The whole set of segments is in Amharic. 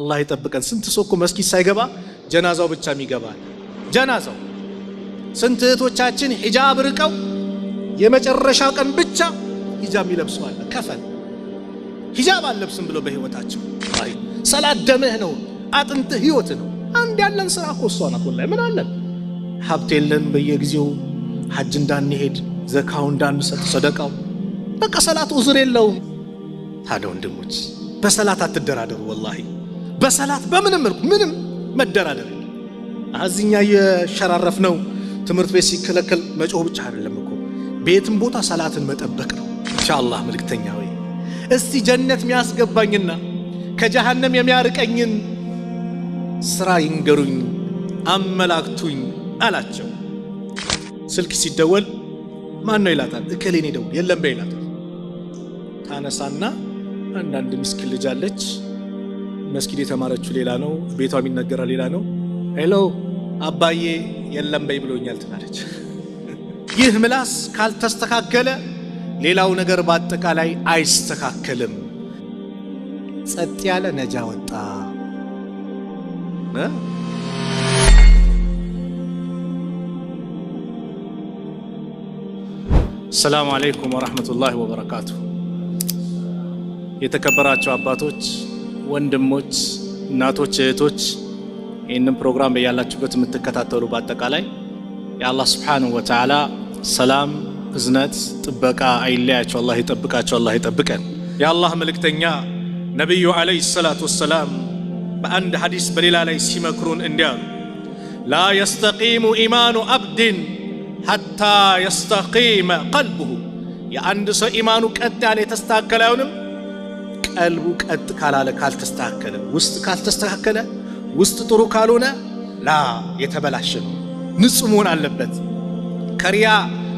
አላህ ይጠብቀን። ስንት ሰው እኮ መስጊድ ሳይገባ ጀናዛው ብቻ ይገባል። ጀናዛው ስንት እህቶቻችን ሂጃብ ርቀው የመጨረሻ ቀን ብቻ ሂጃብ ይለብሰዋል። ከፈን ሂጃብ አልለብስም ብለው በህይወታቸው ሰላት ደምህ ነው፣ አጥንትህ ህይወት ነው። አንድ ያለን ስራ እኮ እሷ ናት። ወላሂ ምን አለን ሀብት የለን፣ በየጊዜው ሀጅ እንዳንሄድ፣ ዘካው እንዳንሰጥ፣ ሰደቃው በቃ ሰላት ኡዝር የለውም። ታዲያ ወንድሞች በሰላት አትደራደሩ ወላሂ በሰላት በምንም መልኩ ምንም መደራደር አዝኛ እየሸራረፍ ነው። ትምህርት ቤት ሲከለከል መጮህ ብቻ አይደለም እኮ ቤትም ቦታ ሰላትን መጠበቅ ነው። ኢንሻአላህ መልክተኛ ወይ እስቲ ጀነት የሚያስገባኝና ከጀሃነም የሚያርቀኝን ስራ ይንገሩኝ አመላክቱኝ አላቸው። ስልክ ሲደወል ማን ነው ይላታል። እከሌኔ ደውል የለም በይላታል። ታነሳና አንዳንድ ምስኪን አለች። መስጊድ የተማረችው ሌላ ነው፣ ቤቷ የሚነገራ ሌላ ነው። ሄሎ አባዬ የለም በይ ብሎኛል ትላለች። ይህ ምላስ ካልተስተካከለ ሌላው ነገር በአጠቃላይ አይስተካከልም። ጸጥ ያለ ነጃ ወጣ። ሰላሙ አለይኩም ወራህመቱላሂ ወበረካቱ። የተከበራቸው አባቶች ወንድሞች፣ እናቶች፣ እህቶች ይህንን ፕሮግራም በያላችሁበት የምትከታተሉ በአጠቃላይ የአላህ ስብሓንሁ ወተዓላ ሰላም፣ እዝነት፣ ጥበቃ አይለያቸው። አላህ ይጠብቃቸው፣ አላህ ይጠብቀን። የአላህ መልእክተኛ ነቢዩ ዓለይሂ ሰላቱ ወሰላም በአንድ ሐዲስ በሌላ ላይ ሲመክሩን እንዲያሉ ላ የስተቂሙ ኢማኑ አብድን ሐታ የስተቂመ ቀልብሁ የአንድ ሰው ኢማኑ ቀጥ ያለ የተስተካከለ አይሆንም ቀልቡ ቀጥ ካላለ ካልተስተካከለ፣ ውስጥ ካልተስተካከለ፣ ውስጥ ጥሩ ካልሆነ ላ የተበላሸ ነው። ንጹህ መሆን አለበት። ከሪያ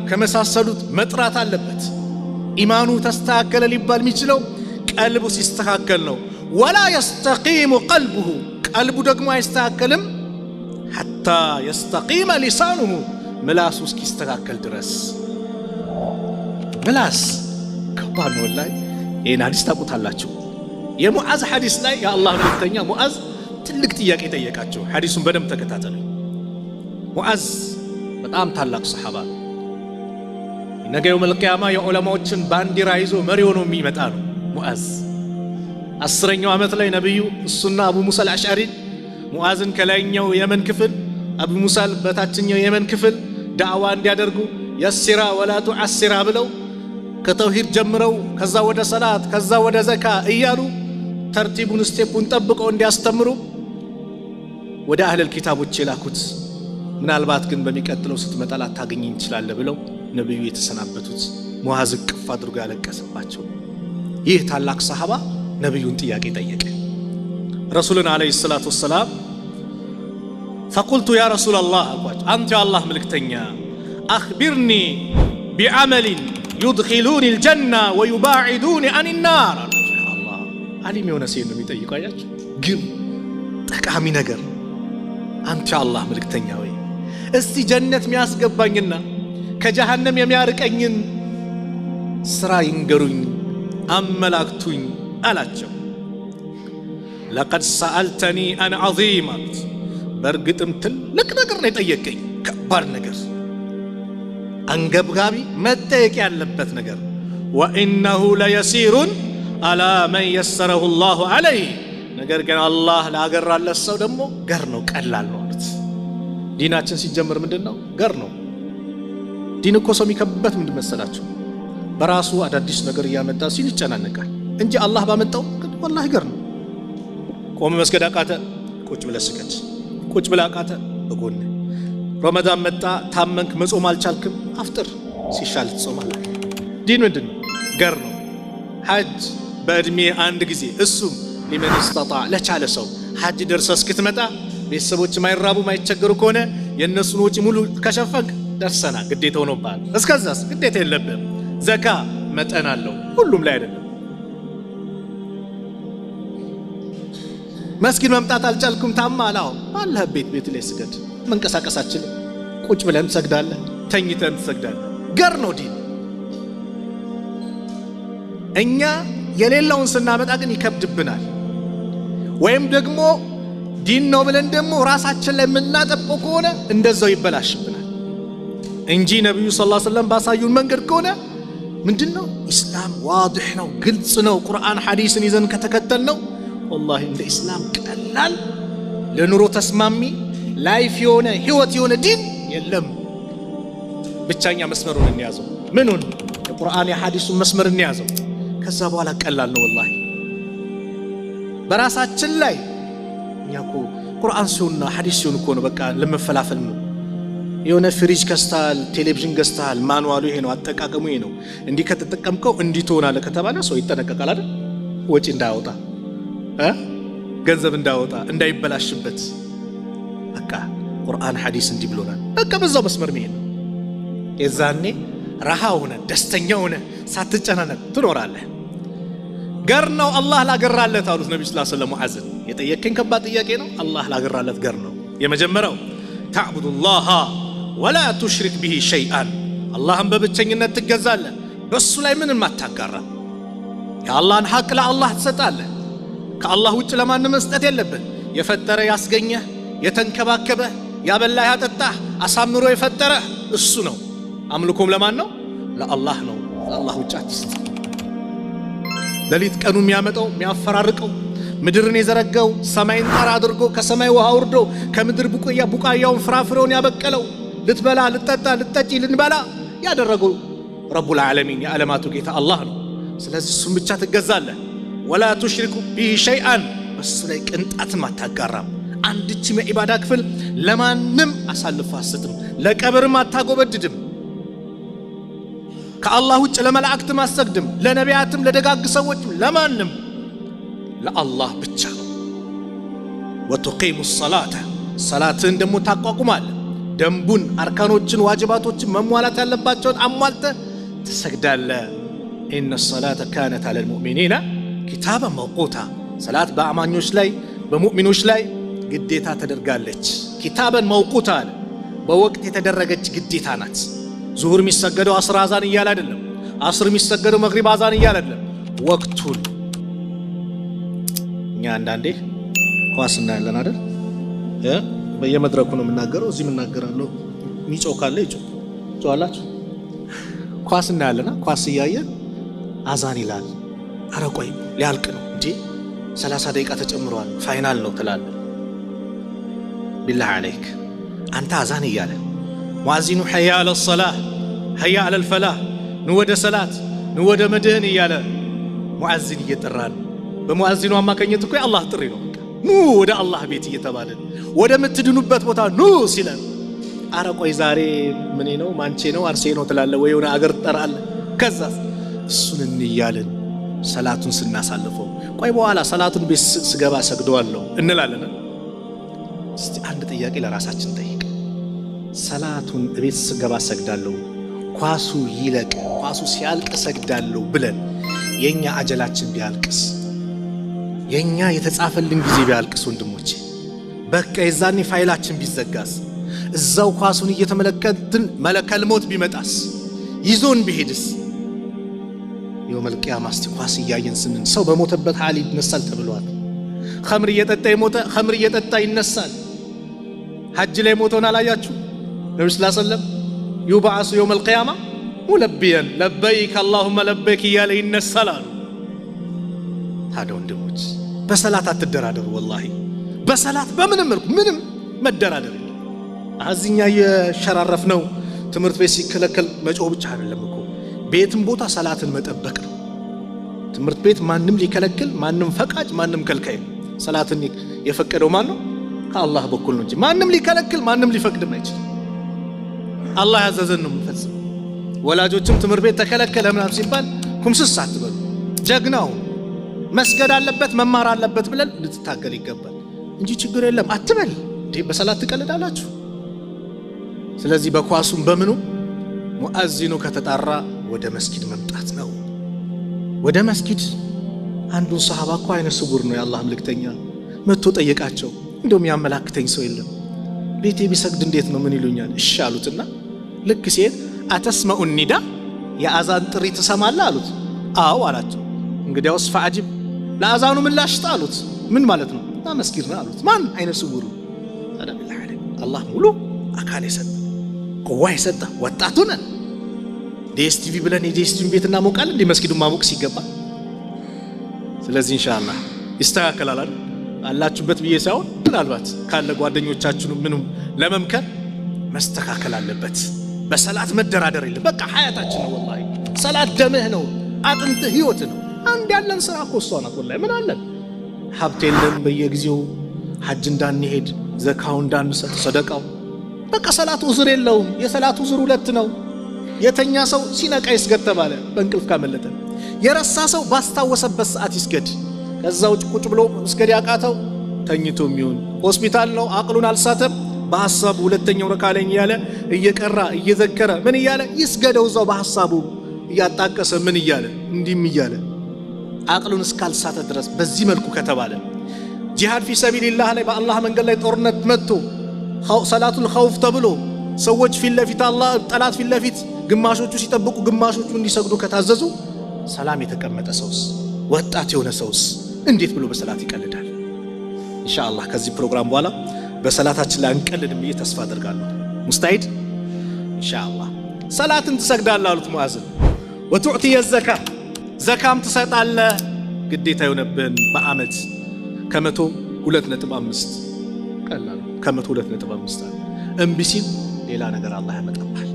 ከመሳሰሉት መጥራት አለበት። ኢማኑ ተስተካከለ ሊባል የሚችለው ቀልቡ ሲስተካከል ነው። ወላ የስተቂሙ ቀልቡሁ ቀልቡ ደግሞ አይስተካከልም። ሐታ የስተቂመ ሊሳኑሁ ምላሱ እስኪስተካከል ድረስ ምላስ ከባድ ነው ላይ ይህን ሀዲስ ታውቁታላችሁ። የሙዓዝ ሐዲስ ላይ የአላህ መልእክተኛ ሙዓዝ ትልቅ ጥያቄ ጠየቃቸው። ሐዲሱን በደንብ ተከታተሉ። ሙዓዝ በጣም ታላቅ ሰሓባ ነው። ነገ የውመል ቂያማ የዑለማዎችን ባንዲራ ይዞ መሪ ሆኖ የሚመጣ ነው ሙዓዝ። አስረኛው ዓመት ላይ ነቢዩ እሱና አቡ ሙሳ አልአሽዓሪን ሙዓዝን ከላይኛው የመን ክፍል አቡ ሙሳ በታችኛው የመን ክፍል ዳዕዋ እንዲያደርጉ የሲራ ወላቱ አሲራ ብለው ከተውሂድ ጀምረው ከዛ ወደ ሰላት ከዛ ወደ ዘካ እያሉ ተርቲቡን ስቴፑን ጠብቀው እንዲያስተምሩ ወደ አህለል ኪታቦች የላኩት ምናልባት ግን በሚቀጥለው ስትመጣ ላታገኝ እንችላለ ብለው ነቢዩ የተሰናበቱት ሙዓዝ ቅፍ አድርጎ ያለቀሰባቸው ይህ ታላቅ ሰሃባ ነቢዩን ጥያቄ ጠየቀ። ረሱልን ዓለይሂ ሰላቱ ወሰላም ፈቁልቱ ያ ረሱላ አልኳቸው፣ አንተ የአላህ ምልክተኛ አኽቢርኒ ቢዓመሊን ዩድኪሉኒ ልጀና ወዩባዒዱኒ አኒናር አሊም የሆነ ሴት ነው የሚጠይቁ አያቸው ግን ጠቃሚ ነገር አንተ አላህ መልክተኛ ወይ እስቲ ጀነት የሚያስገባኝና ከጀሃነም የሚያርቀኝን ስራ ይንገሩኝ አመላክቱኝ አላቸው ለቀድ ሰአልተኒ አን ዐዚም አሉት በእርግጥም ትልቅ ነገር ነው የጠየቀኝ ከባድ ነገር አንገብጋቢ መጠየቅ ያለበት ነገር ወኢነሁ ለየሲሩን አላ መን የሰረሁ ላሁ አለይ ነገር ግን አላህ ላገራለት ሰው ደግሞ ገር ነው፣ ቀላል ነው አሉት። ዲናችን ሲጀምር ምንድን ነው? ገር ነው። ዲን እኮ ሰው የሚከብበት ምንድን መሰላቸው? በራሱ አዳዲስ ነገር እያመጣ ሲል ይጨናነቃል እንጂ አላህ ባመጣው ወላሂ ገር ነው። ቆመ መስገድ አቃተ፣ ቁጭ ብለህ ስገድ። ቁጭ ብለህ አቃተ፣ እጎን ረመዳን መጣ፣ ታመንክ፣ መጾም አልቻልክም፣ አፍጥር። ሲሻል ትጾማል። ዲን ምንድን ነው? ገር ነው። ሐጅ በዕድሜ አንድ ጊዜ እሱም ሊመን ስተጣ ለቻለ ሰው ሐጅ ደርሰ እስክትመጣ ቤተሰቦች ማይራቡ ማይቸገሩ ከሆነ የእነሱን ወጪ ሙሉ ከሸፈግ ደርሰና ግዴታ ሆኖብሃል። እስከዛስ ግዴታ የለብህም። ዘካ መጠን አለው፣ ሁሉም ላይ አይደለም። መስጊድ መምጣት አልቻልኩም፣ ታማ አላው አለህ ቤት ቤት ላይ ስገድ አችልም። ቁጭ ብለን ትሰግዳለህ፣ ተኝተን ትሰግዳለህ። ገር ነው ዲን። እኛ የሌለውን ስናመጣ ግን ይከብድብናል። ወይም ደግሞ ዲን ነው ብለን ደግሞ ራሳችን ላይ የምናጠብቀው ከሆነ እንደዛው ይበላሽብናል እንጂ ነቢዩ ስ ሰለም ባሳዩን መንገድ ከሆነ ምንድን ነው ኢስላም ዋድሕ ነው፣ ግልጽ ነው። ቁርአን ሐዲስን ይዘን ከተከተል ነው ወላሂ እንደ ኢስላም ቀላል ለኑሮ ተስማሚ ላይፍ የሆነ ህይወት የሆነ ዲን የለም። ብቻኛ መስመሩን እንያዘው፣ ምኑን የቁርአን የሐዲሱን መስመር እንያዘው። ከዛ በኋላ ቀላል ነው ወላሂ። በራሳችን ላይ እኛ እኮ ቁርአን ሲሆንና ሐዲስ ሲሆን እኮ ነው በቃ ለመፈላፈል ነው። የሆነ ፍሪጅ ገዝተሃል፣ ቴሌቪዥን ገዝተሃል፣ ማኑዋሉ ይሄ ነው፣ አጠቃቀሙ ይሄ ነው፣ እንዲህ ከተጠቀምከው እንዲህ ትሆናለህ ከተባለ ሰው ይጠነቀቃል አይደል? ወጪ እንዳያወጣ ገንዘብ እንዳያወጣ እንዳይበላሽበት በቃ ቁርአን ሐዲስ እንዲህ ብሎናል። በቃ በዛው መስመር መሄድ ነው። የዛኔ ረሃ ሆነ ደስተኛ ሆነ ሳትጨናነቅ ትኖራለህ። ገር ነው አላህ ላገራለት አሉት ነቢ ስላ ስለ ሙዓዝን የጠየቀኝ ከባድ ጥያቄ ነው። አላህ ላገራለት ገር ነው። የመጀመሪያው ተዕቡዱ ወላ ቱሽሪክ ብሂ ሸይአን፣ አላህን በብቸኝነት ትገዛለህ፣ በእሱ ላይ ምንም አታጋራ። የአላህን ሐቅ ለአላህ ትሰጣለህ። ከአላህ ውጭ ለማንም መስጠት የለብህ። የፈጠረ ያስገኘህ የተንከባከበ ያበላ ያጠጣህ አሳምሮ የፈጠረ እሱ ነው። አምልኮም ለማን ነው? ለአላህ ነው። አላህ ውጭ አትስጥ። ሌሊት ቀኑ የሚያመጣው የሚያፈራርቀው ምድርን የዘረጋው ሰማይን ጣራ አድርጎ ከሰማይ ውሃ ውርዶ ከምድር ቡቃያ ቡቃያውን ፍራፍሬውን ያበቀለው ልትበላ ልጠጣ ልጠጪ ልንበላ ያደረገው ረቡል ዓለሚን የዓለማቱ ጌታ አላህ ነው። ስለዚህ እሱም ብቻ ትገዛለህ። ወላ ቱሽሪኩ ቢሂ ሸይአን በሱ ላይ ቅንጣትም አታጋራም። አንድችም የኢባዳ ክፍል ለማንም አሳልፎ አሰጥም፣ ለቀብርም አታጎበድድም፣ ከአላህ ውጭ ለመላእክትም አሰግድም፣ ለነቢያትም ለደጋግ ሰዎችም ለማንም ለአላህ ብቻ ነው። ወቱቂሙ ሰላተ ሰላትን ደግሞ ታቋቁማል። ደንቡን፣ አርካኖችን፣ ዋጅባቶችን መሟላት ያለባቸውን አሟልተ ትሰግዳለ። ኢነ ሰላተ ካነት አለል ሙእሚኒና ኪታበን መውቁታ ሰላት በአማኞች ላይ በሙእሚኖች ላይ ግዴታ ተደርጋለች። ኪታበን መውቁት አለ በወቅት የተደረገች ግዴታ ናት። ዙሁር የሚሰገደው አስር አዛን እያለ አይደለም። አስር የሚሰገደው መግሪብ አዛን እያለ አይደለም። ወቅቱን እኛ አንዳንዴ ኳስ እናያለን አይደል? በየመድረኩ ነው የምናገረው፣ እዚህ የምናገራለሁ። ሚጮ ካለ ይጮ ጮዋላችሁ። ኳስ እናያለና ኳስ እያየን አዛን ይላል። አረቆይ ሊያልቅ ነው እንዴ፣ 30 ደቂቃ ተጨምሯል፣ ፋይናል ነው ትላለን ቢላህ ዓለይክ አንተ አዛን እያለ ሙዓዚኑ ሐያ አለ ሰላህ ሐያ አለ ልፈላህ ኑ ወደ ሰላት ኑ ወደ መድህን እያለ ሙዓዚን እየጠራ ነው። በሙዓዚኑ አማካኘት እኮ የአላህ ጥሪ ነው። ኑ ወደ አላህ ቤት እየተባለን ወደ ምትድኑበት ቦታ ኑ ሲለን፣ አረ ቆይ ዛሬ ምኔ ነው ማንቼ ነው አርሴ ነው ትላለ ወይ የሆነ አገር ትጠራለ። ከዛ እሱን እንያለን ሰላቱን ስናሳልፈው ቆይ በኋላ ሰላቱን ቤት ስገባ ሰግደዋለሁ እንላለን። እስቲ አንድ ጥያቄ ለራሳችን ጠይቅ። ሰላቱን እቤት ስገባ ሰግዳለሁ፣ ኳሱ ይለቅ፣ ኳሱ ሲያልቅ ሰግዳለሁ ብለን የእኛ አጀላችን ቢያልቅስ፣ የእኛ የተጻፈልን ጊዜ ቢያልቅስ፣ ወንድሞቼ በቃ የዛኔ ፋይላችን ቢዘጋስ፣ እዛው ኳሱን እየተመለከትን መለከል ሞት ቢመጣስ፣ ይዞን ቢሄድስ፣ የውመልቅያ ማስቲ ኳስ እያየን ስንን ሰው በሞተበት ሀል ይነሳል ተብሏል። ከምር እየጠጣ የሞተ ከምር እየጠጣ ይነሳል። ሐጅ ላይ ሞተውን አላያችሁ? ነቢ ስላ ሰለም ዩባዓሱ የውም አልቅያማ ሙለቢየን ለበይክ አላሁመ ለበይክ እያለ ይነሳል አሉ። ታዲያ ወንድሞች በሰላት አትደራደሩ። ወላሂ በሰላት በምንም መልኩ ምንም መደራደር የለም። እየሸራረፍ ነው። ትምህርት ቤት ሲከለከል መጮህ ብቻ አይደለም እኮ ቤትም ቦታ ሰላትን መጠበቅ ነው። ትምህርት ቤት ማንም ሊከለክል ማንም ፈቃጅ ማንም ከልካይ ሰላትን የፈቀደው ማን ነው? ከአላህ በኩል ነው እንጂ ማንም ሊከለክል ማንም ሊፈቅድም አይችልም። አላህ ያዘዘን ነው የምንፈጽም። ወላጆችም ትምህርት ቤት ተከለከለ ምናም ሲባል ኩምስስ አትበሉ። ጀግናው መስገድ አለበት መማር አለበት ብለን ልትታገል ይገባል እንጂ ችግር የለም አትበል። በሰላት ትቀልዳላችሁ። ስለዚህ በኳሱም በምኑ ሙአዚኑ ከተጣራ ወደ መስጊድ መምጣት ነው። ወደ መስጊድ አንዱን ሰሃባ እኮ አይነ ስውር ነው የአላህ ምልክተኛ መጥቶ ጠየቃቸው። እንደው የሚያመላክተኝ ሰው የለም። ቤቴ ቢሰግድ እንዴት ነው ምን ይሉኛል? እሺ አሉትና ልክ ሲሄድ አተስመኡ ኒዳ የአዛን ጥሪ ትሰማለ አሉት። አዎ አላቸው። እንግዲያውስ ፈአጅብ ለአዛኑ ምላሽ ስጥ አሉት። ምን ማለት ነው? እና መስጊድ ነው አሉት። ማን አይነ ስውሩ አላህ ሙሉ አካል የሰጠ ቁዋ የሰጠ ወጣቱ ነን። ዲኤስቲቪ ብለን የዲኤስቲቪን ቤት እናሞቃለን እንዲህ መስጊዱን ማሞቅ ሲገባ። ስለዚህ ኢንሻአላህ ይስተካከላል አላችሁበት ብዬ ሳይሆን ምናልባት ካለ ጓደኞቻችኑ ምንም ለመምከር መስተካከል አለበት። በሰላት መደራደር የለም። በቃ ሀያታችን ነው። ወላሂ ሰላት ደምህ ነው፣ አጥንትህ ህይወት ነው። አንድ ያለን ስራ እኮ እሷ ናት። ወላሂ ምን አለን ሀብት የለም በየጊዜው ሀጅ እንዳንሄድ፣ ዘካው እንዳንሰጥ፣ ሰደቃው በቃ ሰላት ዙር የለውም። የሰላት ዙር ሁለት ነው። የተኛ ሰው ሲነቃ ይስገድ ተባለ። በእንቅልፍ ካመለጠ የረሳ ሰው ባስታወሰበት ሰዓት ይስገድ። ከዛ ውጭ ቁጭ ብሎ መስገድ ያቃተው ተኝቶ የሚሆን ሆስፒታል ነው፣ አቅሉን አልሳተም። በሐሳቡ ሁለተኛው ረካ ላይ እያለ እየቀራ እየዘከረ ምን እያለ ይስገደው እዛው በሐሳቡ እያጣቀሰ ምን እያለ እንዲህም እያለ አቅሉን እስካልሳተ ድረስ በዚህ መልኩ ከተባለ ጂሃድ ፊ ሰቢልላህ ላይ በአላህ መንገድ ላይ ጦርነት መጥቶ ሰላቱል ኸውፍ ተብሎ ሰዎች ፊት ለፊት አላህ ጠላት ፊት ለፊት ግማሾቹ ሲጠብቁ ግማሾቹ እንዲሰግዱ ከታዘዙ ሰላም የተቀመጠ ሰውስ ወጣት የሆነ ሰውስ እንዴት ብሎ በሰላት ይቀልዳል? ኢንሻአላህ ከዚህ ፕሮግራም በኋላ በሰላታችን ላይ አንቀልድ ብዬ ተስፋ አደርጋለሁ። ሙስታሂድ ኢንሻአላህ ሰላትን ትሰግዳለህ አሉት ሙአዝን። ወቱዕትየ የዘካ ዘካም ትሰጣለ ግዴታ የሆነብን በአመት ከመቶ ሁለት ነጥብ አምስት ቀላሉ ከመቶ ሁለት ነጥብ አምስት አለ። እምቢ ሲል ሌላ ነገር አላህ ያመጣብሃል።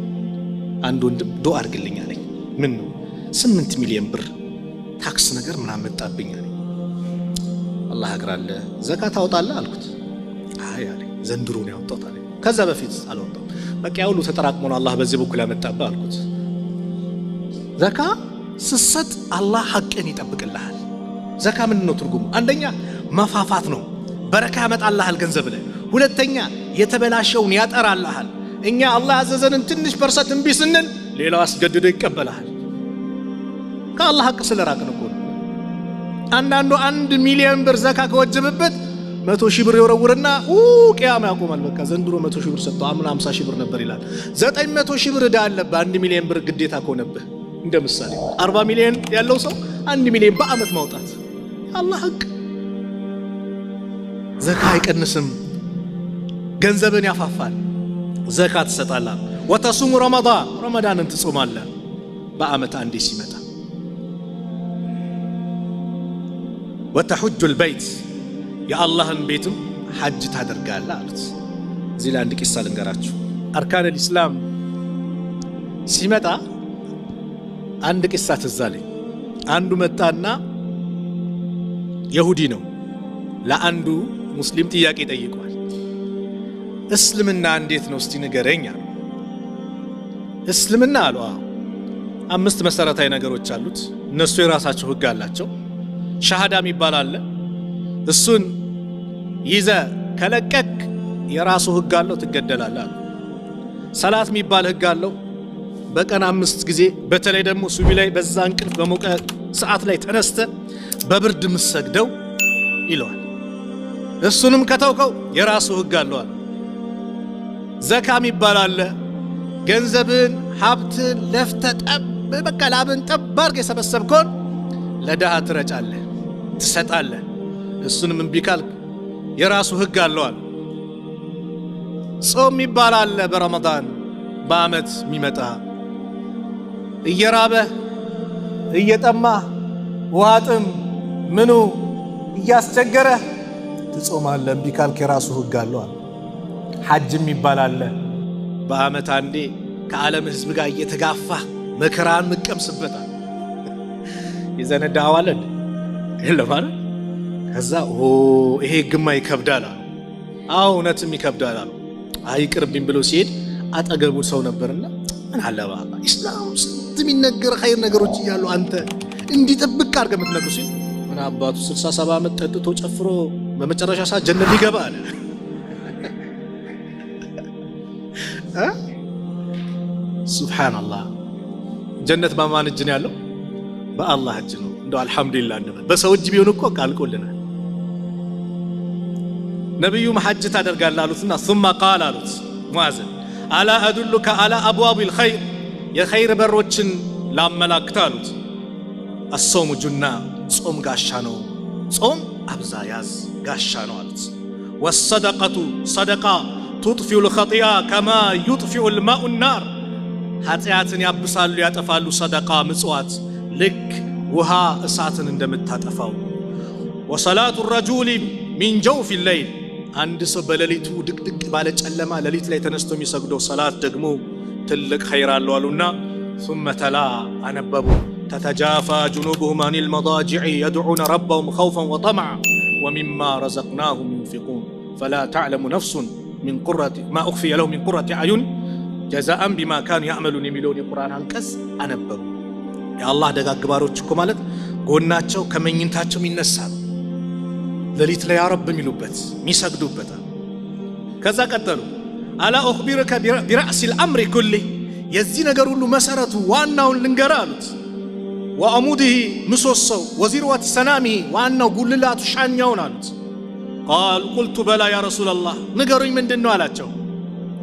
አንድ ወንድም ዶ አድርግልኝ አለኝ። ምን ነው ስምንት ሚሊዮን ብር ታክስ ነገር ምናምን መጣብኝ አለኝ። አላህ አግራለ ዘካ ታወጣለህ አልኩት። አይ አለ ዘንድሮ ነው ያወጣሁት አለ። ከዛ በፊት አልወጣም። በቃ ያው ሁሉ ተጠራቅሞ ነው አላህ በዚህ በኩል ያመጣብህ አልኩት። ዘካ ስትሰጥ አላህ ሐቅን ይጠብቅልሃል። ዘካ ምንድን ነው ትርጉሙ? አንደኛ መፋፋት ነው፣ በረካ ያመጣልሃል ገንዘብ ላይ። ሁለተኛ የተበላሸውን ያጠራልሃል። እኛ አላህ ያዘዘንን ትንሽ ፐርሰንት እምቢ ስንል ሌላው አስገድዶ ይቀበልሃል። ከአላህ ሐቅ ስለራቅን እኮ አንዳንዱ አንድ ሚሊዮን ብር ዘካ ከወጀበበት መቶ ሺህ ብር የወረውርና ቅያማ ያቆማል። በቃ ዘንድሮ መቶ ሺህ ብር ሰጥተው አምና ሃምሳ ሺህ ብር ነበር ይላል። ዘጠኝ መቶ ሺህ ብር እዳ አለብህ። አንድ ሚሊዮን ብር ግዴታ ከሆነብህ እንደ ምሳሌ አርባ ሚሊዮን ያለው ሰው አንድ ሚሊዮን በአመት ማውጣት አላህ ህግ ዘካ አይቀንስም። ገንዘብን ያፋፋል። ዘካ ትሰጣላ። ወተሱሙ ረመዳን ረመዳንን ትጾማለህ በአመት አንዴ ሲመጣ ወተሑጁል በይት የአላህን ቤትም ሐጅ ታደርጋለህ አሉት። እዚህ ላይ አንድ ቂሳ ልንገራችሁ። አርካነል ኢስላም ሲመጣ አንድ ቂሳ ትዝ አለኝ። አንዱ መጣና የሁዲ ነው ለአንዱ ሙስሊም ጥያቄ ጠይቋል። እስልምና እንዴት ነው እስቲ ንገረኝ አሉ። እስልምና አሉ አምስት መሰረታዊ ነገሮች አሉት። እነሱ የራሳቸው ህግ አላቸው። ሻሃዳ የሚባል አለ። እሱን ይዘ ከለቀክ የራሱ ህግ አለው፣ ትገደላለህ። ሰላት የሚባል ህግ አለው። በቀን አምስት ጊዜ በተለይ ደግሞ ሱቢ ላይ በዛ እንቅልፍ በሞቀ ሰዓት ላይ ተነስተ በብርድ ምሰግደው ይለዋል። እሱንም ከተውከው የራሱ ህግ አለዋል። ዘካ የሚባል አለ። ገንዘብን ሀብትን ለፍተ ጠብ በቃ ላብን ጠብ አድርገህ የሰበሰብከውን ለድሃ ትረጫለህ። ትሰጣለህ። እሱንም እምቢ ካልክ የራሱ ህግ አለዋል። ጾም ይባላል። በረመዳን በአመት የሚመጣ እየራበህ እየጠማህ ውሃ ጥም ምኑ እያስቸገረህ ትጾማለ። እምቢ ካልክ የራሱ ህግ አለዋል። ሐጅም ይባላለ በአመት አንዴ ከዓለም ህዝብ ጋር እየተጋፋህ መከራን ምቀምስበታል። የዘነዳዋለን የለም አይደል? ከዛ ኦ ይሄ ግማ ይከብዳል አሉ። አዎ እውነትም ይከብዳል አሉ። አይቅርብኝ ብሎ ሲሄድ አጠገቡ ሰው ነበርና ምን አለ በአላህ ኢስላም ስንት የሚነገር ኸይር ነገሮች እያሉ አንተ እንዲህ ጥብቅ አድርገህ የምትነግሩ ሲል ምን አባቱ 67 ዓመት ጠጥቶ ጨፍሮ በመጨረሻ ሰዓት ጀነት ሊገባ አለ። ሱብሓነላህ ጀነት በማን እጅ ነው ያለው? በአላህ እጅ ነው። እንደው አልሐምዱሊላህ እንበል። በሰው እጅ ቢሆን እኮ ቃልቆልናል። ነቢዩም ሐጅ ታደርጋለህ አሉትና ሱማ ቃል አሉት ሙዓዝን አላ አዱሉከ አላ አብዋቢል ኸይር የኸይር በሮችን ላመላክተ አሉት። አሶሙ ጁና ጾም ጋሻ ነው፣ ጾም አብዛ ያዝ ጋሻ ነው አሉት። ወሰደቀቱ ሰደቃ ቱጥፊዑ ልኸጢአ ከማ ዩጥፊዑ ልማኡ ናር ኃጢአትን ያብሳሉ ያጠፋሉ ሰደቃ ምጽዋት ልክ ውሃ እሳትን እንደምታጠፋው ወሰላቱ ረጁሊ ሚን ጀውፍ ሌይል አንድ ሰው በሌሊቱ ድቅድቅ ባለ ጨለማ ሌሊት ላይ ተነስቶ የሚሰግደው ሰላት صلاة ትልቅ تلق አለው አሉና ثم تلا አነበቡ تتجافى جنوبهم عن المضاجع يدعون ربهم خوفا وطمعا ومما رزقناهم ينفقون فلا تعلم نفس من قرة ما أخفي لهم من قرة أعين جزاء بما كانوا يعملون يميلون القرآن عن كس أنببوا የአላህ ደጋግ ባሮች እኮ ማለት ጎናቸው ከመኝንታቸው ይነሳሉ። ሌሊት ላይ ያረብ የሚሉበት ሚሰግዱበታል። ከዛ ቀጠሉ አላ ኡኽቢርከ ቢራእሲ ልአምሪ ኩሊ የዚህ ነገር ሁሉ መሰረቱ ዋናውን ልንገር አሉት። ወአሙድህ ምሰሶው ወዚርወት ሰናሚህ ዋናው ጉልላቱ ሻኛውን አሉት። ቃል ቁልቱ በላ ያ ረሱላላህ ንገሩኝ ምንድን ነው አላቸው።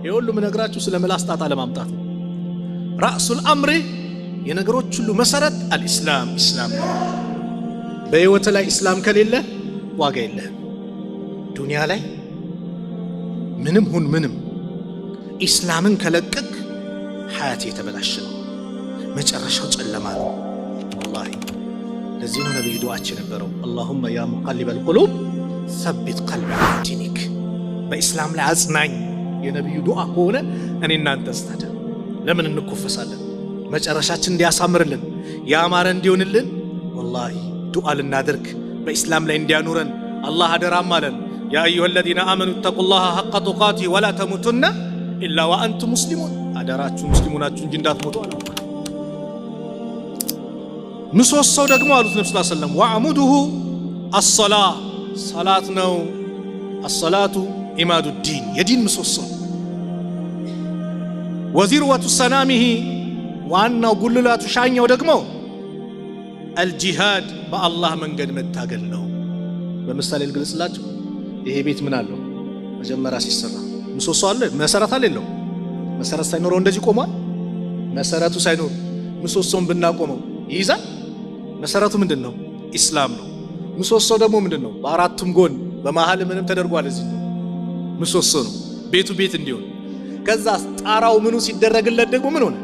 ይህ ሁሉ ምነግራችሁ ስለ ምላስ ጣጣ ለማምጣት ነው። ራእሱል አምሪ የነገሮች ሁሉ መሰረት አልኢስላም ኢስላም ነው። በህይወት ላይ ኢስላም ከሌለ ዋጋ የለህም። ዱንያ ላይ ምንም ሁን ምንም ኢስላምን ከለቀቅ ሀያት የተበላሸ ነው። መጨረሻው ጨለማ ነው። ወላሂ ለዚህ ነው ነቢዩ ዱዓችን የነበረው አላሁመ ያ ሙቀሊበል ቁሉብ ሰቢት ቀልቢ ዲኒክ በኢስላም ላይ አጽናኝ። የነቢዩ ዱዓ ከሆነ እኔ እናንተ ስታደ ለምን እንኮፈሳለን? መጨረሻችን እንዲያሳምርልን ያማረ እንዲሆንልን ወላሂ ዱዓ ልናደርግ በኢስላም ላይ እንዲያኑረን አላህ አደራም አለን። ያ አዩሃ አለዚነ አመኑ እተቁላሃ ሐቀ ቱቃቲ ወላ ተሙቱነ ኢላ ወአንቱም ሙስሊሙን። አደራችሁ ሙስሊሙ ናችሁ እንጂ እንዳትሞቱ አለ። ምሰሶው ደግሞ አሉት ነቢ ስ ሰለም ወዐሙዱሁ አሰላ ሰላት ነው። አሰላቱ ኢማዱ ዲን የዲን ምሰሶ ወዚርወቱ ሰናሚሂ ዋናው ጉልላቱ ሻኛው ደግሞ አልጂሃድ በአላህ መንገድ መታገል ነው። በምሳሌ ልግልጽላችሁ። ይሄ ቤት ምን አለው? መጀመሪያ ሲሰራ ምሰሶ አለ፣ መሰረት አለለው? መሰረት ሳይኖረው እንደዚህ ቆሟል። መሰረቱ ሳይኖር ምሰሶን ብናቆመው ይይዛል? መሰረቱ ምንድን ነው? ኢስላም ነው። ምሰሶ ደግሞ ምንድን ነው? በአራቱም ጎን በመሀል ምንም ተደርጓል፣ እዚህ ነው ምሰሶ ነው ቤቱ ቤት እንዲሆን። ከዛ ጣራው ምኑ ሲደረግለት ደግሞ ምን ሆነ?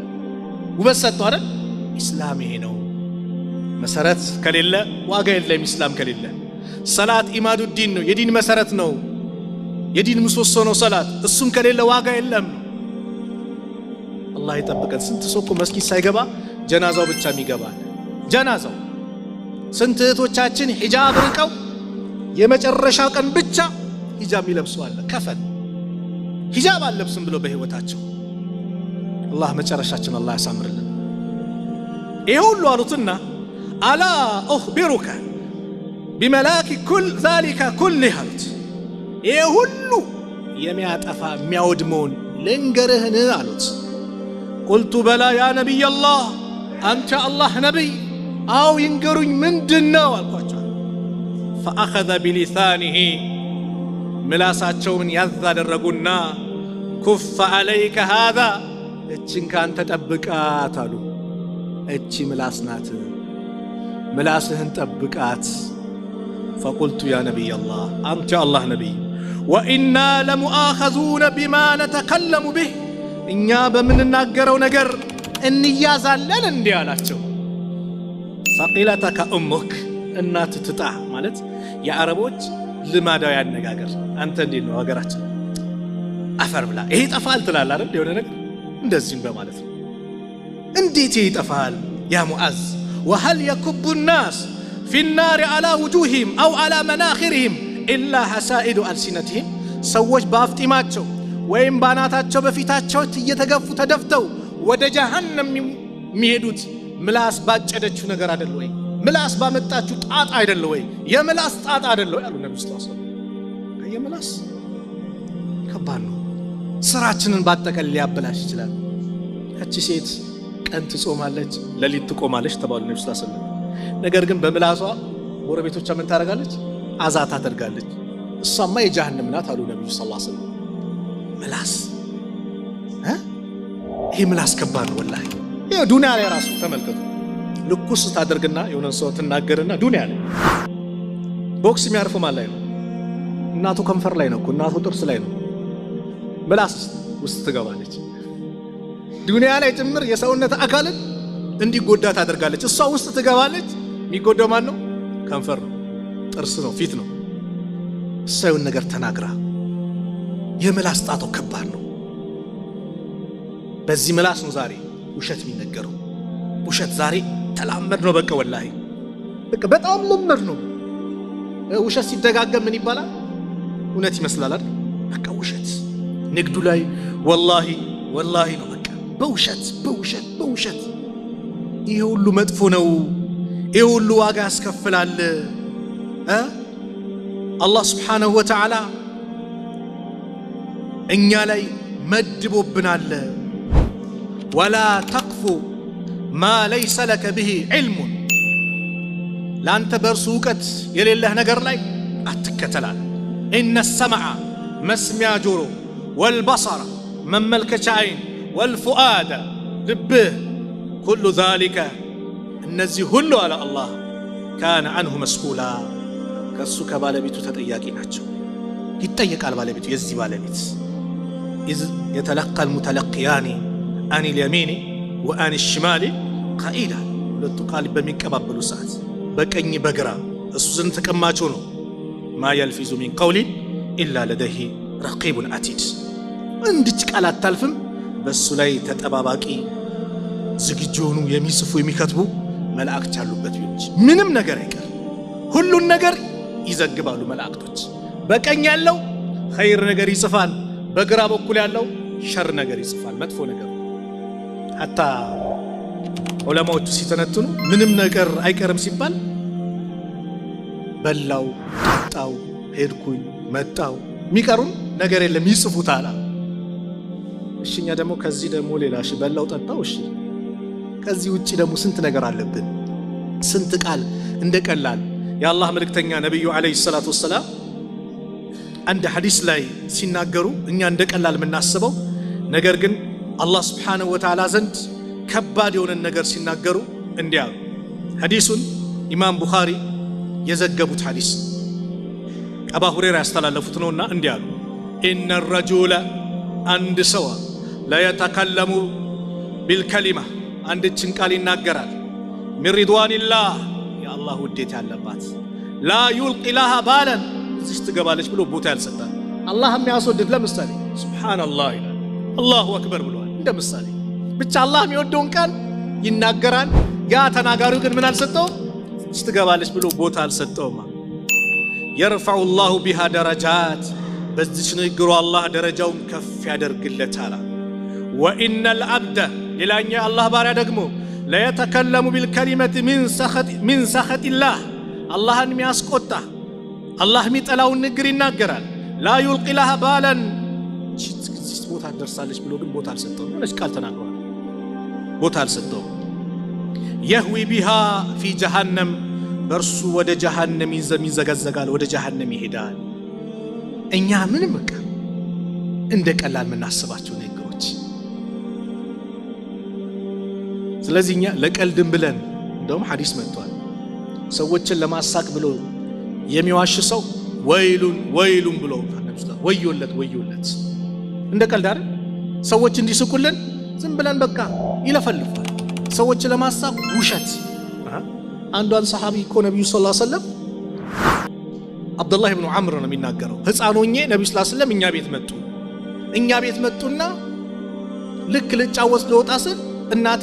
ውበት ሰጥቶ አይደል? ኢስላም ይሄ ነው። መሰረት ከሌለ ዋጋ የለም። ኢስላም ከሌለ ሰላት ኢማዱ ዲን ነው፣ የዲን መሰረት ነው፣ የዲን ምሰሶ ነው ሰላት። እሱም ከሌለ ዋጋ የለም። አላህ ይጠብቀን። ስንት ሰው እኮ መስጊድ ሳይገባ ጀናዛው ብቻ ይገባል። ጀናዛው ስንት እህቶቻችን ሂጃብ ርቀው የመጨረሻ ቀን ብቻ ሂጃብ ይለብሰዋል። ከፈን ሂጃብ አለብስም ብሎ በህይወታቸው አላህ መጨረሻችን አላህ ያሳምርልን። ይህ ሁሉ አሉትና አላ ኡኽቢሩከ ቢመላኪ ዛሊከ ኩሊህ አሉት። ይህ ሁሉ የሚያጠፋ የሚያወድመውን ልንገርህን አሉት። ቁልቱ በላ ያ ነቢይ አላህ አንተ አላህ ነቢይ አው ይንገሩኝ ምንድን ነው አልኳቸው። ፈአኸዘ ቢሊሳኒሂ ምላሳቸውን ያዝ አደረጉና ኩፈ አለይከ ሃዛ እችን ካንተ ጠብቃት አሉ። እቺ ምላስ ናት፣ ምላስህን ጠብቃት። ፈቁልቱ ያ ነቢይ አላህ የአላህ ነቢይ ወኢና ለሙአኸዙነ ቢማ ነተከለሙ ብህ እኛ በምንናገረው ነገር እንያዛለን። እንዲህ አላቸው። ሰቂለተከ እሙክ እናት ትጣ ማለት የአረቦች ልማዳዊ አነጋገር። አንተ እንዴት ነው ሀገራችን አፈር ብላ ይሄ ጠፋል ትላል አይደል? የሆነ ነገር እንደዚህም በማለት ነው። እንዴት ይጠፋሃል ያ ሙዓዝ? ወሀል የኩቡ ናስ ፊ አላ ውጁህም አው አላ መናኽርህም ኢላ ሐሳኢዱ አልሲነትህም። ሰዎች በአፍጢማቸው ወይም በአናታቸው በፊታቸው እየተገፉ ተደፍተው ወደ ጀሃነም የሚሄዱት ምላስ ባጨደችው ነገር አይደለ ወይ? ምላስ ባመጣችሁ ጣጣ አይደለ ወይ? የምላስ ጣጣ አይደለ ወይ አሉ ነቢ ስ የምላስ ከባድ ነው። ስራችንን ባጠቀል ሊያበላሽ ይችላል። ያቺ ሴት ቀን ትጾማለች፣ ሌሊት ትቆማለች ተባሉ ነብዩ ሰለላሁ ነገር ግን በምላሷ ጎረቤቶቿ ምን ታደርጋለች? አዛ ታደርጋለች። እሷማ የጀሃነም ናት አሉ ነብዩ ሰለላሁ ዐለይሂ ወሰለም። ምላስ ይሄ ምላስ ከባድ ነው ወላሂ። ዱንያ ላይ ራሱ ተመልከቱ ልኩስ ታደርግና የሆነ ሰው ትናገርና ዱንያ ላይ ቦክስ የሚያርፈው ማን ላይ ነው? እናቱ ከንፈር ላይ ነው። እናቱ ጥርስ ላይ ነው። ምላስ ውስጥ ትገባለች። ዱንያ ላይ ጭምር የሰውነት አካልን እንዲጎዳ ታደርጋለች። እሷ ውስጥ ትገባለች። የሚጎዳው ማን ነው? ከንፈር ነው፣ ጥርስ ነው፣ ፊት ነው። እሷ ነገር ተናግራ የምላስ ጣቶ ከባድ ነው። በዚህ ምላስ ነው ዛሬ ውሸት የሚነገረው። ውሸት ዛሬ ተላመድ ነው። በቃ ወላሂ በቃ በጣም ለመድ ነው። ውሸት ሲደጋገም ምን ይባላል? እውነት ይመስላል አይደል? በቃ ውሸት ንግዱ ላይ ወላሂ ወላሂ ነው በቃ በውሸት በውሸት በውሸት። ይሄ ሁሉ መጥፎ ነው። ይሄ ሁሉ ዋጋ ያስከፍላል። አላህ ስብሓነሁ ወተዓላ እኛ ላይ መድቦብናል። ወላ ተቅፉ ማ ለይሰ ለከ ብሂ ዒልሙን ለአንተ በእርሱ እውቀት የሌለህ ነገር ላይ አትከተላል። ኢነ ሰማዓ መስሚያ ጆሮ ወልበሰረ መመልከቻ አይን ወልፉአደ ልብህ ኩሉ ዛሊከ እነዚህ ሁሉ አለ አላህ ካነ አንሁ መስኡላ ከእሱ ከባለቤቱ ተጠያቂ ናቸው። ይጠየቃል ባለቤቱ የዚህ ባለቤት ኢዝ የተለቃ ልሙተለቅያኒ አን ልየሚኒ ወአን ሽማሊ ቃኢዳ ሁለቱ ቃል በሚቀባበሉ ሰዓት በቀኝ በግራ እሱ ዘንድ ተቀማጩ ነው። ማ የልፊዙ ሚን ቀውሊን ኢላ ለደሂ ረቂቡን አቲድ እንድች ቃል አታልፍም። በእሱ ላይ ተጠባባቂ ዝግጁ የሆኑ የሚጽፉ የሚከትቡ መላእክት ያሉበት ቢሆንች ምንም ነገር አይቀር፣ ሁሉን ነገር ይዘግባሉ መላእክቶች። በቀኝ ያለው ኸይር ነገር ይጽፋል፣ በግራ በኩል ያለው ሸር ነገር ይጽፋል፣ መጥፎ ነገር። ሀታ ዑለማዎቹ ሲተነትኑ ምንም ነገር አይቀርም ሲባል በላው፣ ጠጣው፣ ሄድኩኝ፣ መጣው፣ የሚቀሩን ነገር የለም ይጽፉታል። እሺ፣ እኛ ደግሞ ከዚህ ደግሞ ሌላ እሺ፣ በላው ጠጣው፣ እሺ። ከዚህ ውጭ ደግሞ ስንት ነገር አለብን። ስንት ቃል እንደ ቀላል የአላህ መልእክተኛ ነቢዩ ዓለይሂ ሰላቱ ወሰላም አንድ ሐዲስ ላይ ሲናገሩ እኛ እንደ ቀላል የምናስበው ነገር ግን አላህ ስብሓንሁ ወተዓላ ዘንድ ከባድ የሆነን ነገር ሲናገሩ እንዲያ ሐዲሱን ኢማም ቡኻሪ የዘገቡት ሐዲስ አባ ሁሬራ ያስተላለፉት ነውና እንዲህ አሉ። ኢነ ረጁለ አንድ ሰው ለየተከለሙ ቢልከሊማ አንድችን ቃል ይናገራል። ሚሪድዋኒላህ የአላህ ውዴት ያለባት ላ ዩልቂ ላሃ ባለን እዚች ትገባለች ብሎ ቦታ ያልሰጣል አላህ የሚያስወድድ ለምሳሌ ሱብሓነላህ ይላል፣ አላሁ አክበር ብለዋል። እንደ ምሳሌ ብቻ አላህ የሚወደውን ቃል ይናገራል። ያ ተናጋሪው ግን ምን አልሰጠውም፣ እዚች ትገባለች ብሎ ቦታ አልሰጠውም። የርፈዑ ላሁ ቢሃ ደረጃት በዚች ንግግሩ አላህ ደረጃውን ከፍ ያደርግለታል። ወኢነል አብደ ሌላኛው የአላህ ባሪያ ደግሞ ለየተከለሙ ቢልከሊመት ሚን ሰኸጢላህ አላህን የሚያስቆጣ አላህ የሚጠላውን ንግር ይናገራል። ላ ዩልቂላህ ባለን ዚት ቦታ ትደርሳለች ብሎ ግን ቦታ አልሰጠውም። ሆነች ቃል ተናግሯል፣ ቦታ አልሰጠውም። የህዊ ቢሃ ፊ ጀሃነም በእርሱ ወደ ጀሃነም ይዘጋዘጋል፣ ወደ ጀሃነም ይሄዳል። እኛ ምንም በቃ እንደ ቀላል የምናስባቸው ነ ስለዚህ እኛ ለቀልድም ብለን እንደውም ሐዲስ መጥቷል። ሰዎችን ለማሳቅ ብሎ የሚዋሽ ሰው ወይሉን ወይሉን ብሎ ወዮለት ወዮለት። እንደ ቀልድ አይደል? ሰዎች እንዲስቁልን ዝም ብለን በቃ ይለፈልፋል። ሰዎችን ለማሳቅ ውሸት። አንዷን ሰሃቢ እኮ ነቢዩ ሰለላሁ ዐለይሂ ወሰለም አብዱላህ ብኑ አምር ነው የሚናገረው። ህፃን ሆኜ ነቢዩ ሰለላሁ ዐለይሂ እኛ ቤት መጡ እኛ ቤት መጡና ልክ ልጫወት ልወጣ ስል እናቴ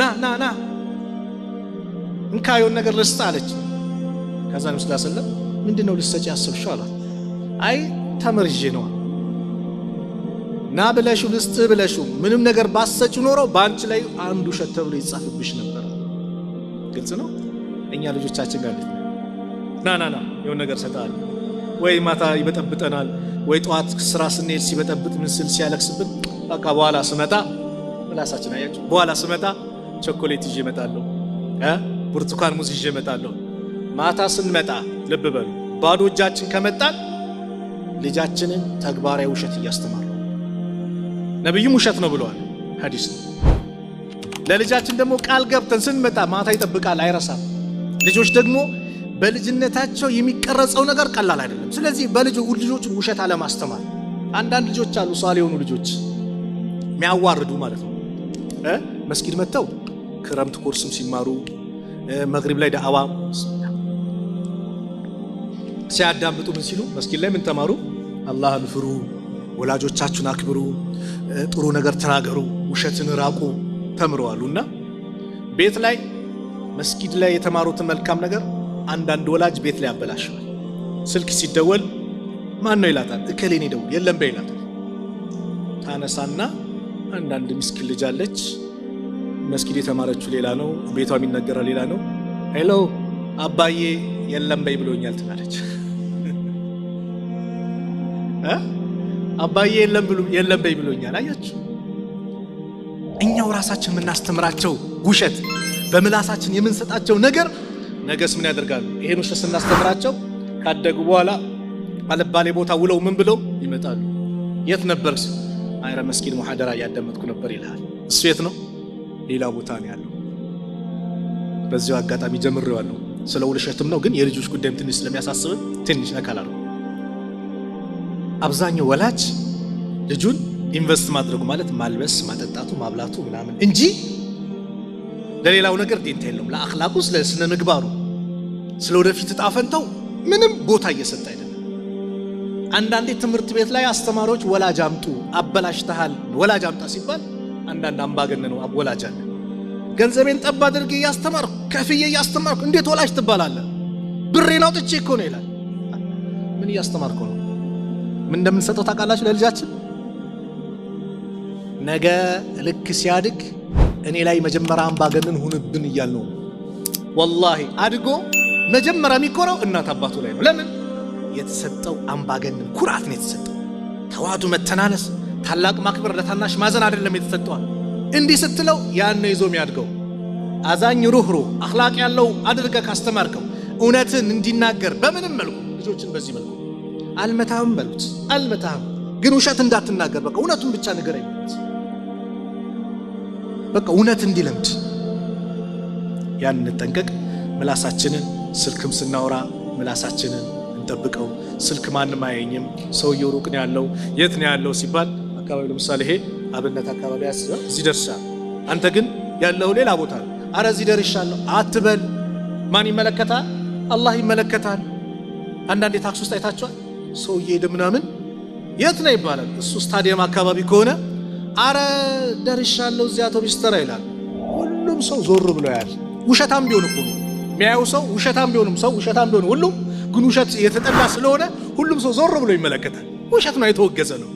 ና ና ና እንካዩን ነገር ልስጥ አለች። ከዛ ነው ስላ ስለም ምንድን ነው ልሰጭ አላት። አይ ተምርዤ ነው ና ብለሹ ልስጥ ብለሹ ምንም ነገር ባሰጭ ኖሮ በአንቺ ላይ አንዱ ውሸት ተብሎ ይጻፍብሽ ነበር። ግልጽ ነው። እኛ ልጆቻችን ጋር ልጅ ና ና ና የሆነ ነገር ሰጣል ወይ ማታ ይበጠብጠናል ወይ ጠዋት ስራ ስንሄድ ሲበጠብጥ ምን ስል ሲያለቅስብን በቃ በኋላ ስመጣ ምላሳችን አያቸው በኋላ ስመጣ ቸኮሌት ይዤ እመጣለሁ፣ ብርቱካን ሙዝ ይዤ እመጣለሁ። ማታ ስንመጣ ልብ በሉ፣ ባዶ እጃችን ከመጣን ልጃችንን ተግባራዊ ውሸት እያስተማሩ ነቢዩም ውሸት ነው ብለዋል፣ ሐዲስ ለልጃችን ደግሞ ቃል ገብተን ስንመጣ ማታ ይጠብቃል፣ አይረሳም። ልጆች ደግሞ በልጅነታቸው የሚቀረጸው ነገር ቀላል አይደለም። ስለዚህ በልጅ ልጆች ውሸት አለማስተማር። አንዳንድ ልጆች አሉ፣ ሷል የሆኑ ልጆች የሚያዋርዱ ማለት ነው። መስጊድ መጥተው ክረምት ኮርስም ሲማሩ መግሪብ ላይ ዳዕዋ ሲያዳምጡ ምን ሲሉ መስጊድ ላይ ምን ተማሩ? አላህን ፍሩ፣ ወላጆቻችሁን አክብሩ፣ ጥሩ ነገር ተናገሩ፣ ውሸትን ራቁ ተምረዋሉ እና ቤት ላይ መስጊድ ላይ የተማሩትን መልካም ነገር አንዳንድ ወላጅ ቤት ላይ ያበላሸዋል። ስልክ ሲደወል ማን ነው ይላታል። እከሌን ይደውል የለም በይላታል። ታነሳና አንዳንድ ምስኪን ልጅ አለች መስጊድ የተማረችው ሌላ ነው፣ ቤቷ የሚነገረ ሌላ ነው። ሄሎ አባዬ የለም በይ ብሎኛል ትላለች። አባዬ የለም በይ ብሎኛል። አያችሁ፣ እኛው ራሳችን የምናስተምራቸው ውሸት በምላሳችን የምንሰጣቸው ነገር ነገስ ምን ያደርጋሉ? ይሄን ውሸት ስናስተምራቸው ካደጉ በኋላ አለባሌ ቦታ ውለው ምን ብለው ይመጣሉ? የት ነበር? አይረ መስጊድ ሙሐደራ እያደመጥኩ ነበር ይልሃል። እሱ የት ነው? ሌላ ቦታ ነው ያለው። በዚሁ አጋጣሚ ጀምሬዋለሁ። ስለ ውልሸትም ነው ግን የልጆች ጉዳይም ትንሽ ስለሚያሳስብን ትንሽ ነካላ አብዛኛው ወላጅ ልጁን ኢንቨስት ማድረጉ ማለት ማልበስ፣ ማጠጣቱ፣ ማብላቱ ምናምን እንጂ ለሌላው ነገር ዴንታ የለውም። ለአክላቁ፣ ስለስነ ምግባሩ፣ ስለ ወደፊት እጣ ፈንታው ምንም ቦታ እየሰጠ አይደለም። አንዳንዴ ትምህርት ቤት ላይ አስተማሪዎች ወላጅ አምጡ፣ አበላሽተሃል፣ ወላጅ አምጣ ሲባል አንዳንድ አምባገነን ነው ወላጅ አለ። ገንዘቤን ጠብ አድርጌ እያስተማርኩ ከፍዬ እያስተማርኩ እንዴት ወላጅ ትባላለህ? ብሬን አውጥቼ እኮ ነው ይላል። ምን እያስተማርኩ ነው? ምን እንደምንሰጠው ታውቃላችሁ? ለልጃችን ነገ ልክ ሲያድግ እኔ ላይ መጀመሪያ አምባገነን ሁንብን እያልነው ወላሂ አድጎ መጀመሪያ የሚኮረው እናት አባቱ ላይ ነው። ለምን የተሰጠው አምባገነን ኩራት ነው የተሰጠው ተዋዱ መተናነስ ታላቅ ማክበር ለታናሽ ማዘን አይደለም የተሰጠዋል። እንዲህ ስትለው ያን ይዞ የሚያድገው አዛኝ፣ ሩህሩ አኽላቅ ያለው አድርገ ካስተማርከው እውነትን እንዲናገር በምንም መልኩ ልጆችን በዚህ መልኩ አልመታህም በሉት። አልመታህም ግን ውሸት እንዳትናገር፣ በቃ እውነቱን ብቻ ንገረኝ በሉት። በቃ እውነት እንዲለምድ ያን እንጠንቀቅ። ምላሳችንን ስልክም ስናወራ ምላሳችንን እንጠብቀው። ስልክ ማንም አያየኝም፣ ሰውየው ሩቅ ነው ያለው፣ የት ነው ያለው ሲባል አካባቢ ለምሳሌ ይሄ አብነት አካባቢ ያስበ እዚህ ደርሻ፣ አንተ ግን ያለው ሌላ ቦታ ነው። አረ እዚህ ደርሻለሁ አትበል። ማን ይመለከታል? አላህ ይመለከታል። አንዳንዴ የታክስ ውስጥ አይታችኋል። ሰውዬ ሄደ ምናምን የት ነው ይባላል። እሱ ስታዲየም አካባቢ ከሆነ አረ ደርሻለሁ እዚያ አውቶቡስ ተራ ይላል። ሁሉም ሰው ዞር ብሎ ያል ውሸታም ቢሆን እኮ የሚያየው ሰው ውሸታም ቢሆንም ሰው ውሸታም ቢሆን ሁሉም ግን ውሸት የተጠላ ስለሆነ ሁሉም ሰው ዞር ብሎ ይመለከታል። ውሸት ነው የተወገዘ ነው።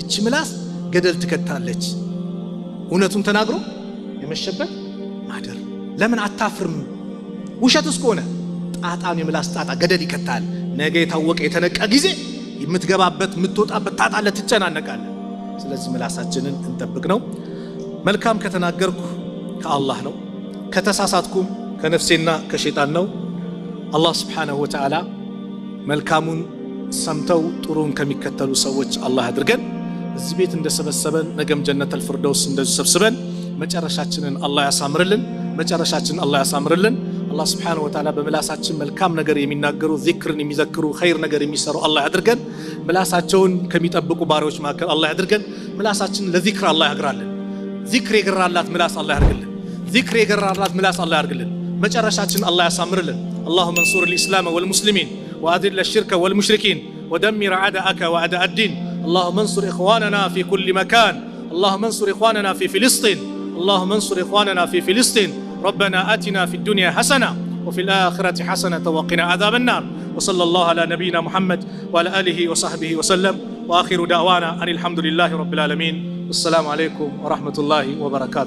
እች ምላስ ገደል ትከታለች። እውነቱን ተናግሮ የመሸበት ማደር ለምን አታፍርም? ውሸት እስከሆነ ጣጣም የምላስ ጣጣ ገደል ይከታል። ነገ የታወቀ የተነቃ ጊዜ የምትገባበት የምትወጣበት ታጣለ፣ ትጨናነቃለ። ስለዚህ ምላሳችንን እንጠብቅ ነው። መልካም ከተናገርኩ ከአላህ ነው፣ ከተሳሳትኩም ከነፍሴና ከሸይጣን ነው። አላህ ስብሓነሁ ወተዓላ መልካሙን ሰምተው ጥሩን ከሚከተሉ ሰዎች አላህ አድርገን። እዚህ ቤት እንደሰበሰበን ነገም ጀነተል ፊርደውስ እንደዚሁ ሰብስበን መጨረሻችንን አላህ ያሳምርልን። መጨረሻችንን አላህ ያሳምርልን። አላህ ስብሓነሁ ወተዓላ በምላሳችን መልካም ነገር የሚናገሩ ዚክርን የሚዘክሩ ኸይር ነገር የሚሰሩ አላህ ያድርገን። ምላሳቸውን ከሚጠብቁ ባሪዎች መካከል አላህ ያድርገን። ምላሳችንን ለዚክር አላህ ያግራልን። ዚክር የገራላት ምላስ አላህ ያርግልን። ዚክር የገራላት ምላስ አላህ ያርግልን። መጨረሻችንን አላህ ያሳምርልን። አላሁመ እንሱር ልኢስላመ ወልሙስሊሚን ወአድለ ሽርከ ወልሙሽሪኪን ወደሚር አዳአከ ወአዳአ ዲን اللهم انصر إخواننا في كل مكان اللهم انصر إخواننا في فلسطين اللهم انصر إخواننا في فلسطين ربنا آتنا في الدنيا حسنة وفي الآخرة حسنة وقنا عذاب النار وصلى الله على نبينا محمد وعلى آله وصحبه وسلم وآخر دعوانا أن الحمد لله رب العالمين والسلام عليكم ورحمة الله وبركاته